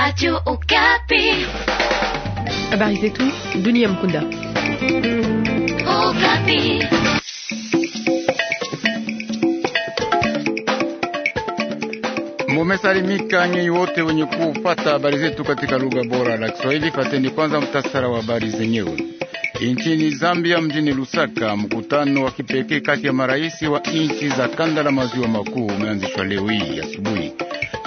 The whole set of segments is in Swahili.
Radio Okapi. Habari ah zetu dunia mkunda. Okapi. Mumesalimika nyinyi wote wenye kupata habari zetu katika lugha bora la Kiswahili. Fateni kwanza mtasara wa habari zenyewe. Nchini Zambia, mjini Lusaka, mkutano wa kipekee kati ya marais wa nchi za kanda la maziwa makuu umeanzishwa leo hii asubuhi.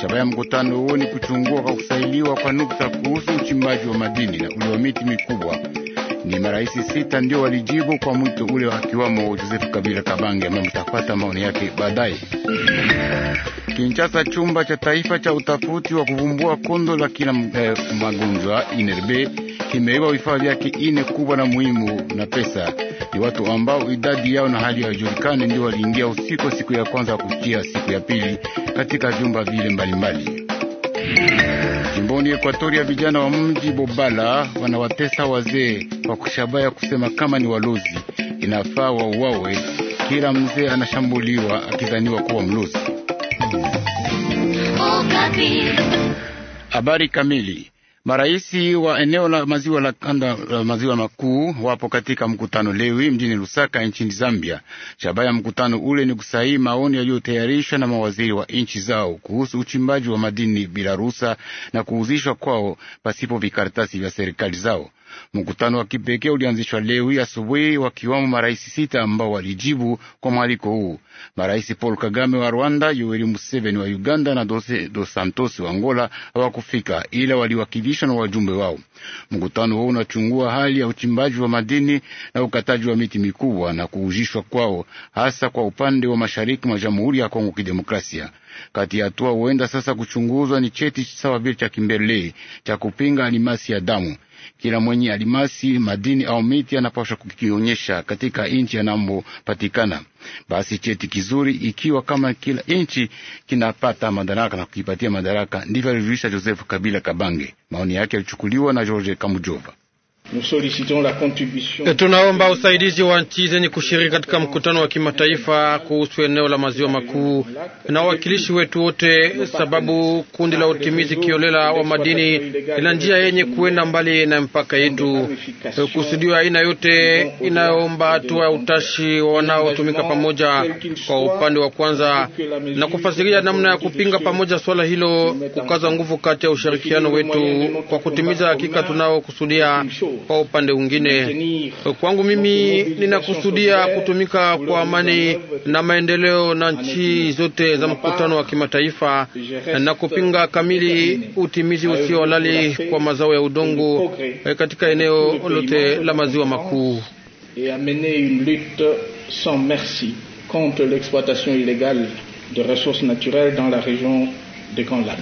Shabaha ya mkutano huo ni kuchungua kwa kusailiwa kwa nukta kuhusu uchimbaji wa madini na ule wa miti mikubwa. Ni maraisi sita ndio walijibu kwa mwito ule, akiwamo Joseph Kabila Kabange ambaye mtapata maoni yake baadaye. Kinshasa, chumba cha taifa cha utafuti wa kuvumbua kondo la kila eh, magonjwa inerbe kimeiba vifaa vyake ine kubwa na muhimu na pesa. Ni watu ambao idadi yao na hali haijulikani, ndio waliingia usiku siku ya kwanza kuchia siku ya pili katika vyumba vile mbalimbali jimboni ya Vijana wa mji Bobala wanawatesa wazee kwa kushabaya kusema kama ni walozi, inafaa wauawe. Kila mzee anashambuliwa akidhaniwa kuwa mlozi. Oh, Habari kamili Maraisi wa eneo la maziwa la kanda la maziwa makuu wapo katika mkutano lewi mjini Lusaka nchini Zambia. Shabaha ya mkutano ule ni kusaini maoni yaliyotayarishwa na mawaziri wa nchi zao kuhusu uchimbaji wa madini bila ruhusa na kuuzishwa kwao pasipo vikaratasi vya serikali zao. Mkutano wa kipekee ulianzishwa leo hii asubuhi, wakiwamo marais sita ambao walijibu kwa mwaliko huu. Marais Paul Kagame wa Rwanda, Yoweri Museveni wa Uganda na Dose, Dos Santos wa Angola hawakufika, ila waliwakilishwa na wajumbe wao. Mkutano huu unachungua hali ya uchimbaji wa madini na ukataji wa miti mikubwa na kuujishwa kwao, hasa kwa upande wa mashariki mwa Jamhuri ya Kongo Kidemokrasia. Kati ya hatua huenda sasa kuchunguzwa ni cheti sawa vile cha Kimberley cha kupinga alimasi ya damu. Kila mwenye alimasi, madini au miti anapaswa kukionyesha katika nchi yanamopatikana. Basi cheti kizuri, ikiwa kama kila nchi kinapata madaraka na kukipatia madaraka, ndivyo alivyoisha Joseph Kabila Kabange. Maoni yake yalichukuliwa na George Kamujova. Eh, tunaomba usaidizi wa nchi zenye kushiriki katika mkutano wa kimataifa kuhusu eneo la maziwa makuu na wawakilishi wetu wote, sababu kundi la utimizi kiolela wa madini lina njia yenye kuenda mbali na mpaka yetu, eh, kusudiwa aina yote inayoomba hatua ya utashi wanaotumika pamoja kwa upande wa kwanza, na kufasiria namna ya kupinga pamoja swala hilo, kukaza nguvu kati ya ushirikiano wetu kwa kutimiza hakika tunaokusudia kwa upande mwingine, kwangu mimi ninakusudia kutumika kwa amani na maendeleo na nchi zote za mkutano wa kimataifa na kupinga kamili utimizi usio halali kwa mazao ya udongo eh, katika eneo lote la maziwa makuu. contre l'exploitation illégale de ressources naturelles dans la région des Grands Lacs.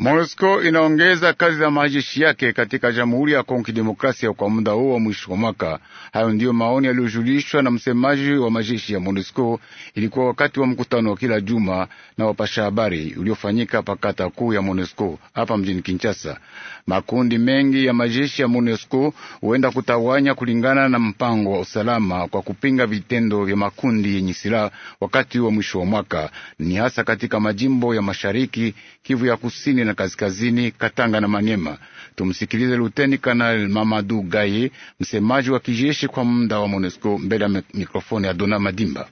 MONUSCO inaongeza kazi za majeshi yake katika Jamhuri ya Kongo Kidemokrasia kwa muda huo wa mwisho wa mwaka. Hayo ndiyo maoni yaliyojulishwa na msemaji wa majeshi ya MONUSCO. Ilikuwa wakati wa mkutano wa kila juma na wapasha habari uliofanyika pakata kuu ya MONUSCO hapa mjini Kinshasa. Makundi mengi ya majeshi ya MONUSCO huenda kutawanya kulingana na mpango wa usalama kwa kupinga vitendo vya makundi yenye silaha wakati wa mwisho wa mwaka, ni hasa katika majimbo ya mashariki, Kivu ya kusini na Kaskazini, Katanga na Manyema. Tumsikilize Luteni Kanali Mamadu Gaye, msemaji wa kijeshi kwa muda wa MONUSCO, mbele ya mikrofoni ya Dona Madimba.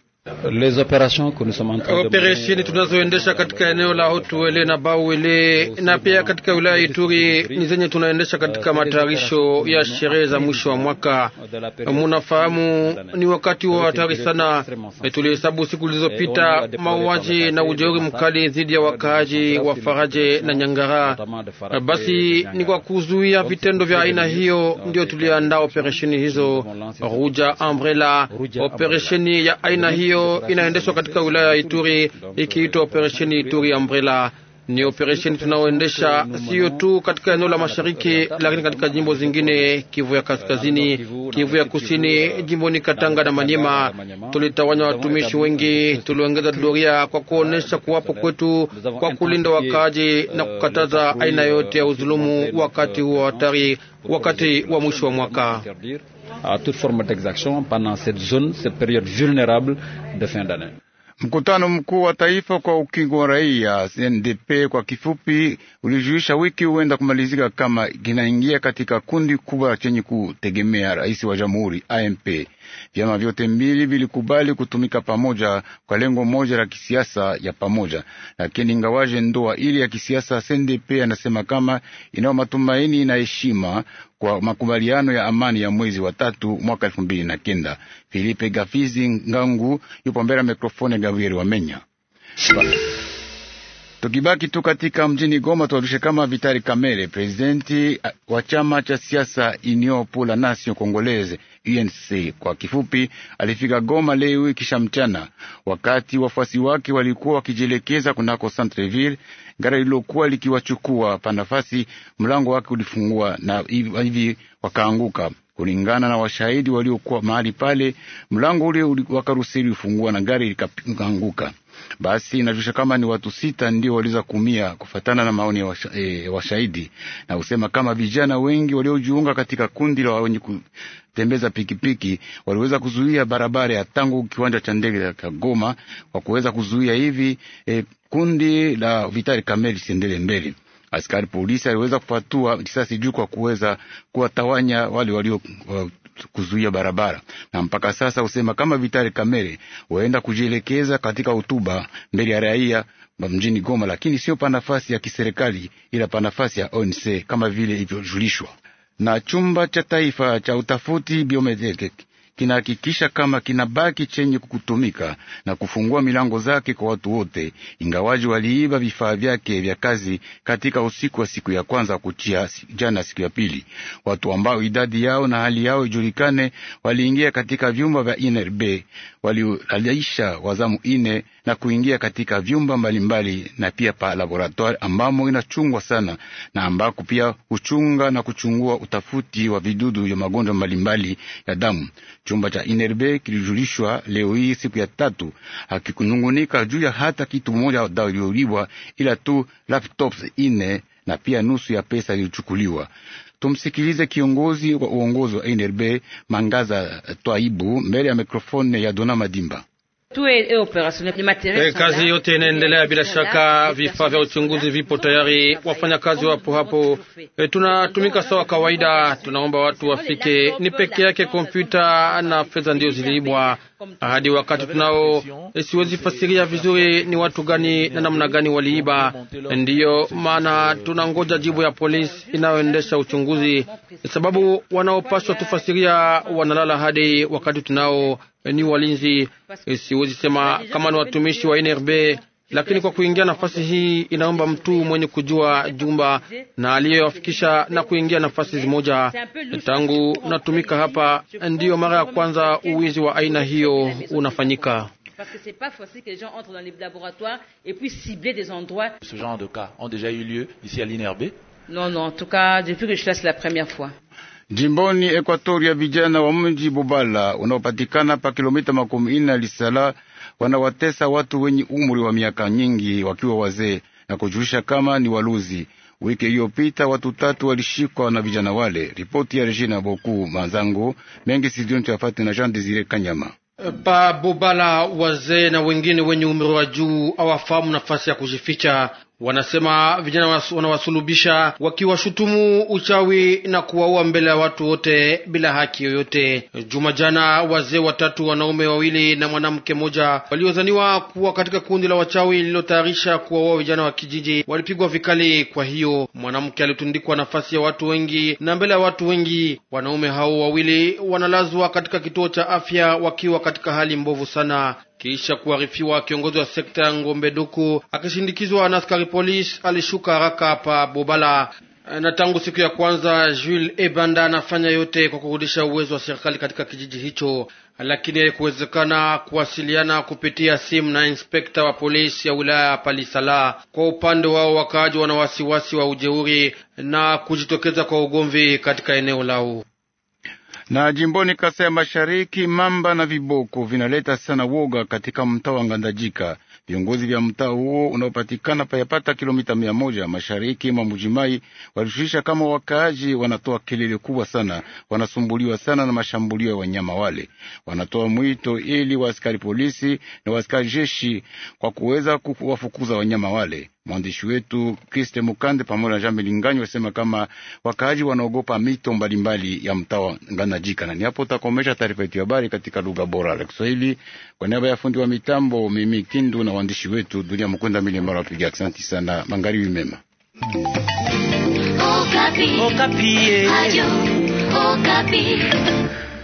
Les opérations que nous sommes en train operesheni tunazoendesha katika eneo la hotuele na Bauwele na pia katika wilaya ya Ituri ni zenye tunaendesha katika matayarisho ya sherehe za mwisho wa mwaka. Munafahamu ni wakati wa hatari sana. Tulihesabu siku zilizopita mauaji na ujeuri mkali dhidi ya wakaaji wa Faraje na Nyangara. Basi ni kwa kuzuia vitendo vya aina hiyo ndio tuliandaa operesheni hizo, Ruja Umbrella, operesheni ya aina hiyo ambayo inaendeshwa katika wilaya ya Ituri ikiitwa operesheni Ituri Umbrella. Ni operesheni tunaoendesha siyo tu katika eneo la mashariki, lakini katika jimbo zingine, Kivu ya kaskazini, Kivu ya kusini, jimboni Katanga na Manyema. Tulitawanya watumishi wengi, tuliongeza doria kwa kuonesha kuwapo kwetu kwa kulinda wakaaji na kukataza aina yote ya udhulumu wakati wa hatari, wakati wa mwisho wa mwaka à toute forme d'exaction pendant cette zone, cette période vulnérable de fin d'année. Mkutano mkuu wa taifa kwa ukingo wa raia CNDP kwa kifupi ulijuisha wiki huenda kumalizika kama kinaingia katika kundi kubwa chenye kutegemea rais wa jamhuri AMP. Vyama vyote mbili vilikubali kutumika pamoja kwa lengo moja la kisiasa ya pamoja, lakini ingawaje ndoa ili ya kisiasa, CNDP anasema kama inayo matumaini na heshima kwa makubaliano ya amani ya mwezi wa tatu mwaka elfu mbili na kenda. Filipe Gafizi Ngangu yupo mbele ya mikrofoni ya Gabriel Wamenya. Tukibaki tu katika mjini Goma, tuwajulishe kama Vitali Kamere, prezidenti wa chama cha siasa Union pour la Nation Congolaise UNC kwa kifupi, alifika Goma leo kisha mchana, wakati wafuasi wake walikuwa wakijielekeza kunako Centreville. Gari lilokuwa likiwachukua pa nafasi mlango wake ulifungua na hivi wakaanguka. Kulingana na washahidi waliokuwa mahali pale, mlango ule wakaruhusiwa kufungua na gari likaanguka. Basi inajusha kama ni watu sita ndio waliweza kumia kufatana na maoni ya washa, e, washahidi na husema kama vijana wengi waliojiunga katika kundi la wenye kutembeza pikipiki waliweza kuzuia barabara ya tangu kiwanja cha ndege cha Goma kwa kuweza kuzuia hivi e, kundi la Vitali Kameli siendele mbele. Askari polisi aliweza kufatua kisasi juu kwa kuweza kuwatawanya wale walio uh, kuzuia barabara, na mpaka sasa usema kama Vitali Kamere waenda kujielekeza katika hotuba mbele ya raia mjini Goma, lakini sio pa nafasi ya kiserikali, ila pa nafasi ya ONC kama vile ilivyojulishwa na chumba cha taifa cha utafuti biometriki kinahakikisha kama kinabaki chenye kukutumika na kufungua milango zake kwa watu wote, ingawaji waliiba vifaa vyake vya kazi katika usiku wa siku ya kwanza kuchia jana siku ya pili. Watu ambao idadi yao na hali yao ijulikane waliingia katika vyumba vya nrb walialisha wazamu ine na kuingia katika vyumba mbalimbali mbali, na pia pa laboratoire ambamo inachungwa sana na ambako pia huchunga na kuchungua utafuti wa vidudu vya magonjwa mbalimbali ya damu. Chumba cha Inerbe kilijulishwa leo hii siku ya tatu hakikunungunika juu ya hata kitu moja dalioliwa, ila tu laptops ine na pia nusu ya pesa ilichukuliwa. Tumsikilize kiongozi wa uongozi wa Inerbe Mangaza Twaibu mbele ya mikrofone ya Dona Madimba. Tuwe operational e, Kazi yote inaendelea bila shaka, vifaa vya uchunguzi vipo tayari, wafanyakazi wapo hapo. E, tunatumika sawa kawaida. Tunaomba watu wafike, ni peke yake kompyuta na fedha ndio ziliibwa hadi wakati tunao eh, siwezi fasiria vizuri ni watu gani na namna gani waliiba. Ndiyo maana tunangoja jibu ya polisi inayoendesha uchunguzi, eh, sababu wanaopaswa tufasiria wanalala hadi wakati tunao eh, ni walinzi. Siwezi sema kama ni watumishi wa NRB lakini kwa kuingia nafasi hii inaomba mtu mwenye kujua jumba na aliyewafikisha na kuingia nafasi zimoja. Tangu natumika hapa, ndiyo mara ya kwanza uwizi wa aina hiyo unafanyika. Parce que c'est pas facile que les gens entrent dans les laboratoires et puis cibler des endroits. Ce genre de cas ont déjà eu lieu ici à l'INRB? Non, non, en tout cas, depuis que je suis la première fois. Jimboni Ekwatoria, vijana wa mji Bubala unaopatikana pa kilomita makumi ine Lisala wanawatesa watu wenye umri wa miaka nyingi wakiwa wazee na kujulisha kama ni waluzi. Wiki iliyopita watu tatu walishikwa na vijana wale. Ripoti ya Regina Boku manzangu mengi Sidoni Tuyafate na Jean Desire Kanyama. Pa Bobala, wazee na wengine wenye umri wa juu hawafahamu nafasi ya kujificha Wanasema vijana wanawasulubisha wakiwashutumu uchawi na kuwaua mbele ya watu wote bila haki yoyote. Juma jana wazee watatu, wanaume wawili na mwanamke mmoja, waliozaniwa kuwa katika kundi la wachawi lililotayarisha kuwaua vijana wa kijiji walipigwa vikali. Kwa hiyo mwanamke alitundikwa nafasi ya watu wengi na mbele ya watu wengi. Wanaume hao wawili wanalazwa katika kituo cha afya wakiwa katika hali mbovu sana. Kisha kuarifiwa, kiongozi wa sekta ya Ngombe Duku akishindikizwa na askari polisi alishuka haraka hapa Bobala na tangu siku ya kwanza Jules Ebanda anafanya yote kwa kurudisha uwezo wa serikali katika kijiji hicho, lakini haikuwezekana kuwasiliana kupitia simu na inspekta wa polisi ya wilaya ya Palisala. Kwa upande wao, wakaaji wana wasiwasi wa ujeuri na kujitokeza kwa ugomvi katika eneo lao. Na jimboni kasa ya Mashariki, mamba na viboko vinaleta sana woga katika mtaa wa Ngandajika. Viongozi vya mtaa huo unaopatikana payapata kilomita mia moja mashariki mwa Mujimai walishuhisha kama wakaaji wanatoa kelele kubwa sana, wanasumbuliwa sana na mashambulio ya wanyama wale. Wanatoa mwito ili waaskari polisi na waaskari jeshi kwa kuweza kuwafukuza wanyama wale. Mwandishi wetu Kriste Mukande pamoja na Jean Melinganyi wasema kama wakaaji wanaogopa mito mbalimbali ya mtaa Nganajika. Na ni hapo utakomesha taarifa yetu ya habari katika lugha bora la Kiswahili. Kwa niaba ya fundi wa mitambo, mimi Kindu na waandishi wetu Dunia Mukunda Mili Mbara, wapiga asante sana. Magharibi mema. Okapi. Okapi. Ayo, Okapi.